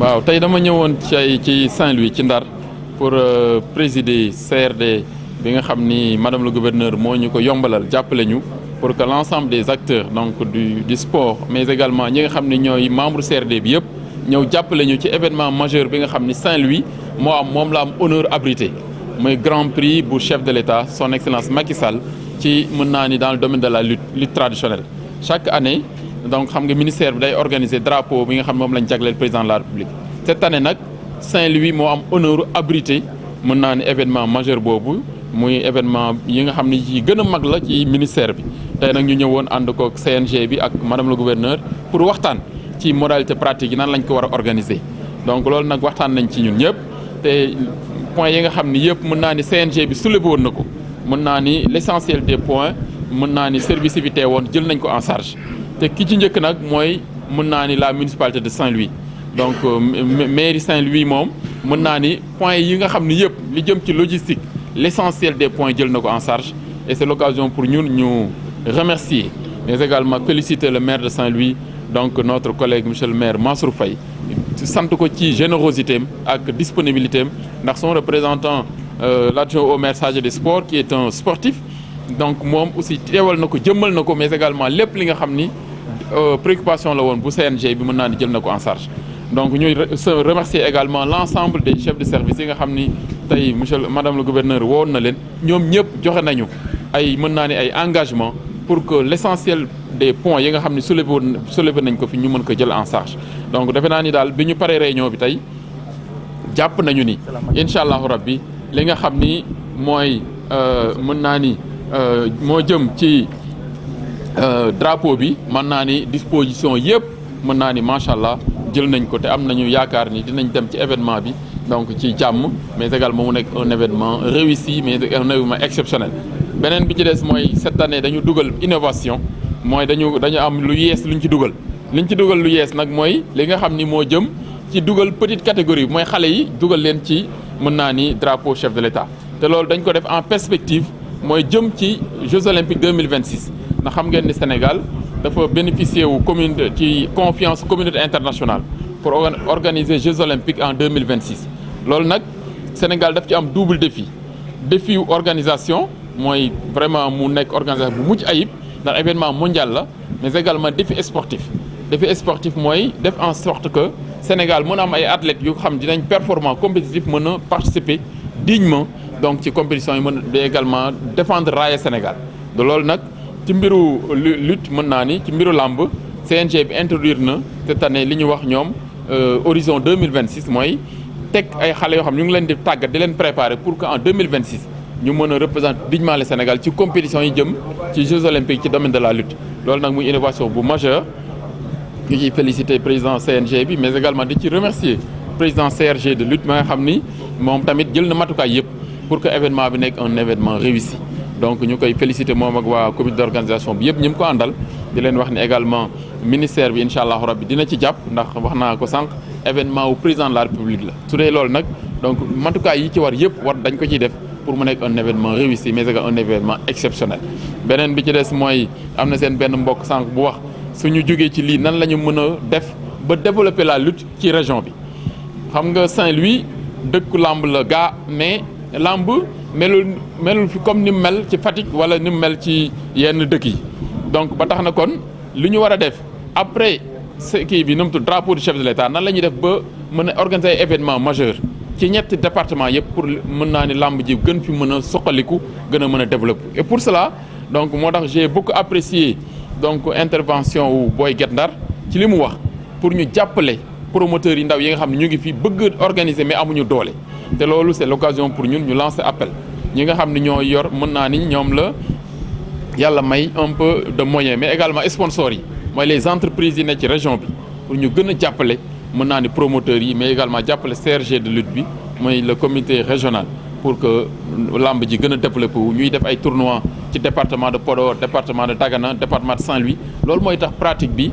waaw tey dama ñëwoon ci ay ci Saint-Louis ci Ndar pour euh, présider CRD bi nga xam madame la gouverneur moo ñu ko yombalal jàppale ñu pour que l'ensemble des acteurs donc du du sport mais également ñi nga xam ne ñooy membre CRD bi yëpp ñëw jàppale ñu ci événement majeur bi nga xam Saint-Louis moo am moom la am honneur abrité mooy grand prix bu chef de l'État son excellence Macky Sall ci mën dans le domaine de la lutte lutte traditionnelle chaque année donc xam nga ministère bi day organiser drapeau bi nga xam président de la république. cette année Saint-Louis a am honneur abrité mën événement majeur boobu muy événement yi nga xam ne yi mag la ci ministère bi. avons nag ñu ñëwoon ànd koog CNG bi ak madame le gouverneur pour waxtaan ci modalité pratique yi nan lañ ko organiser donc nous avons waxtaan nañ ci ñun ñëpp te point yi nga savez, c'est yëpp mën naa ni CNG bi soulevé woon mën ni l'essentiel des points mën que ni service bi teewoon jël nañ ko en charge. C'est ki ci Moi, nag la municipalité de Saint-Louis donc euh, mairie Saint-Louis mom, a point yi nga logistique l'essentiel des points jël sont en charge et c'est l'occasion pour de nous remercier mais également féliciter le maire de Saint-Louis donc notre collègue monsieur le maire Mansour Faye sans ko ci générosité et disponibilité nous son représentant euh, l'adjoint au maire chargé des sports qui est un sportif donc moi aussi teewal na nous jëmmal mais également les li nga euh, préoccupation la woon bu CNG bi mëna ni jël nako en charge donc nous remercier également l'ensemble des chefs de service yi nga xamni tay monsieur madame le gouverneur woon na leen ñoom ñëpp nañu ay mëna ni ay engagement pour que l'essentiel des points yi nga xamni ni soulevé soulevé nañ ko fi ñu mëna ko jël en charge donc défé na ni dal bi ñu réunion bi tay japp nañu ni inshallah rabbi li nga xamni moy euh mëna ni euh mo jëm ci euh, drapeau bi mën naa disposition yep, mën naa ni macha allah nañ ko te am nañu yaakaar ni dinañ dem ci événement bi donc ci jàmm mais également mu nek un événement réussi mais un événement exceptionnel. benen bi ci dess moy cette année dañu dugal innovation moy dañu dañu am lu yees luñ ci dugal liñ ci dugal lu yees nag moy li nga xamni mo jëm ci dugal petite catégorie moy xalé yi dugal len ci mën drapeau chef de l'État te loolu dañ ko def en perspective moy jëm ci Jeux olympiques 2026 nous savons que le Sénégal dafa bénéficier la confiance de confiance communauté internationale pour organiser les Jeux olympiques en 2026 que Sénégal a un double défi défi d'organisation, organisation vraiment mu organisation mondial mais également défi sportif défi sportif de faire en sorte que le Sénégal les athlètes qui xam dinañ performant participer dignement donc ci compétition et également défendre le Sénégal de ci mbiru lutte mën naa ni ci mbiru làmb CNG bi introduire na cette année li ñu wax ñoom euh, horizon 2026 mooy teg ay xale yoo xam ñu ngi leen di tàggat di leen préparer pour que en 2026 ñu mën a représenter dignement le Sénégal ci compétition yi jëm ci Jeux olympiques ci domaine de la lutte loolu nag muy innovation bu majeure ñu ciy féliciter président CNG bi mais également di ci remercier président CRG de lutte ma nga xam ni moom tamit jël na matukaay yëpp pour que événement bi nekk un événement réussi donc nous koy félicité moom ak waa comité d'organisation bi yëpp ñim ko andal di leen wax ni également ministère bi inshallah allahu rabbi dina ci japp ndax wax naa ko événement au président de la république la. lool nak Donc, en tout, cas yi ci war yëpp war dañ ko ci def pour mu nek un événement réussi mais également un événement exceptionnel benen bi ci dess moy amna sen seen benn mbokk sànq bu wax suñu jógee ci li nan lañu mëna def ba développer la lutte ci région bi xam nga Saint-Louis deuk làmb le gaa mais làmb melul melul fi comme ni mel ci fatigue wala ni mel ci yenn deuk yi donc ba tax na kon liñu wara def après qui bi nu drapeau du chef de l'État nan lañu def ba mën organiser événement majeur ci ñett département yépp pour mën naa ni ji gën fi mën soxaliku gëna gën développer et pour cela donc motax j'ai beaucoup apprécié donc intervention ou Boy Guet ci limu wax pour ñu jàppale promoteur yi ndaw yi nga xamni ñu ngi fi bëgg organiser mais amuñu doolé c'est l'occasion pour nous de lancer appel Nous nga que yor un peu de moyens, mais également sponsors les entreprises yi dans ci région nous pour ñu gëna promoteurs mais également le CRG de lutte le comité régional pour que lamb ji développer nous développé ñuy def ay tournois ci département de Podor département de Tagana département de Saint-Louis qui est tax pratique bi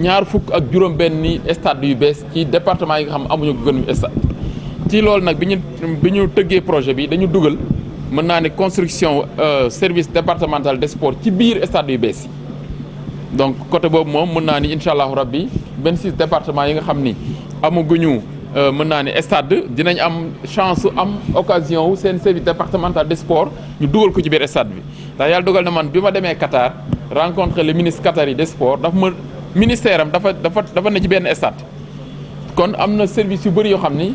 ñaar fukk ak juróom-benni stade yu bees ci département yi nga xam amuñu gën stade ci loolu nag bi ñu bi ñu projet bi dañu dugal mën naa ne construction euh, service départemental des sports ci biir stade yu bees donc côté boobu moom mën naa ni incha rabbi 26 département yi nga xam ni amaguñu euh, mën naa ne stade dinañ am chance am occasion wu service départemental des sports ñu dugal ko ci biir stade bi ndax yàlla dogal na man bi ma Qatar rencontrer le ministre qatari des sports daf ma ministère am dafa dafa dafa ne ci ben stade kon amna service yu bari yo xamni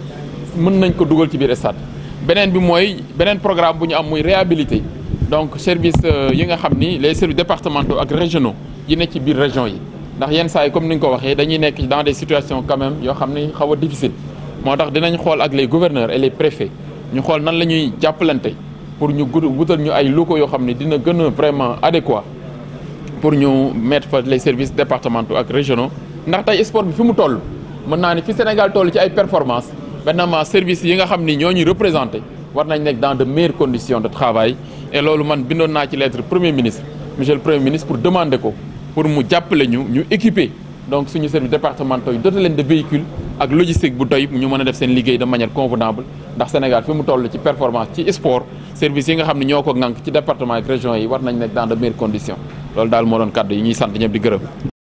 mën nañ ko duggal ci biir stade benen bi moy benen programme buñu am moy réhabilité donc service euh, yi nga xamni les services départementaux ak régionaux yi ne ci biir région yi ndax yenn saa comme niñ ko waxé dañuy nekk dans des situations quand même yo xamni xawa difficile motax dinañ xol ak les gouverneurs et les préfets ñu xol nan lañuy ñuy pour ñu gudd wutal ñu ay locaux yo xamni dina gën vraiment adéquat pour nous mettre les services départementaux et régionaux ndax avons sport bi fi mu toll mën ni fi Sénégal toll ci ay performances maintenant services yi nga xam ni nous dans de meilleures conditions de travail et là, man bindoon naa ci lettre premier ministre monsieur le premier ministre pour demander ko pour mu appeler, ñu ñu équiper donc suñu service départementaux yi doté leen de véhicules ak logistique bu nous ñu mën def seen de manière convenable ndax Sénégal nous avons toll ci performance ci sport service yi nga xam ne ñoo ko ŋànk ci département ak région yi war nañ nekk dans de meilleures conditions loolu daal moo doon yi ñuy sant ñëpp di gërëm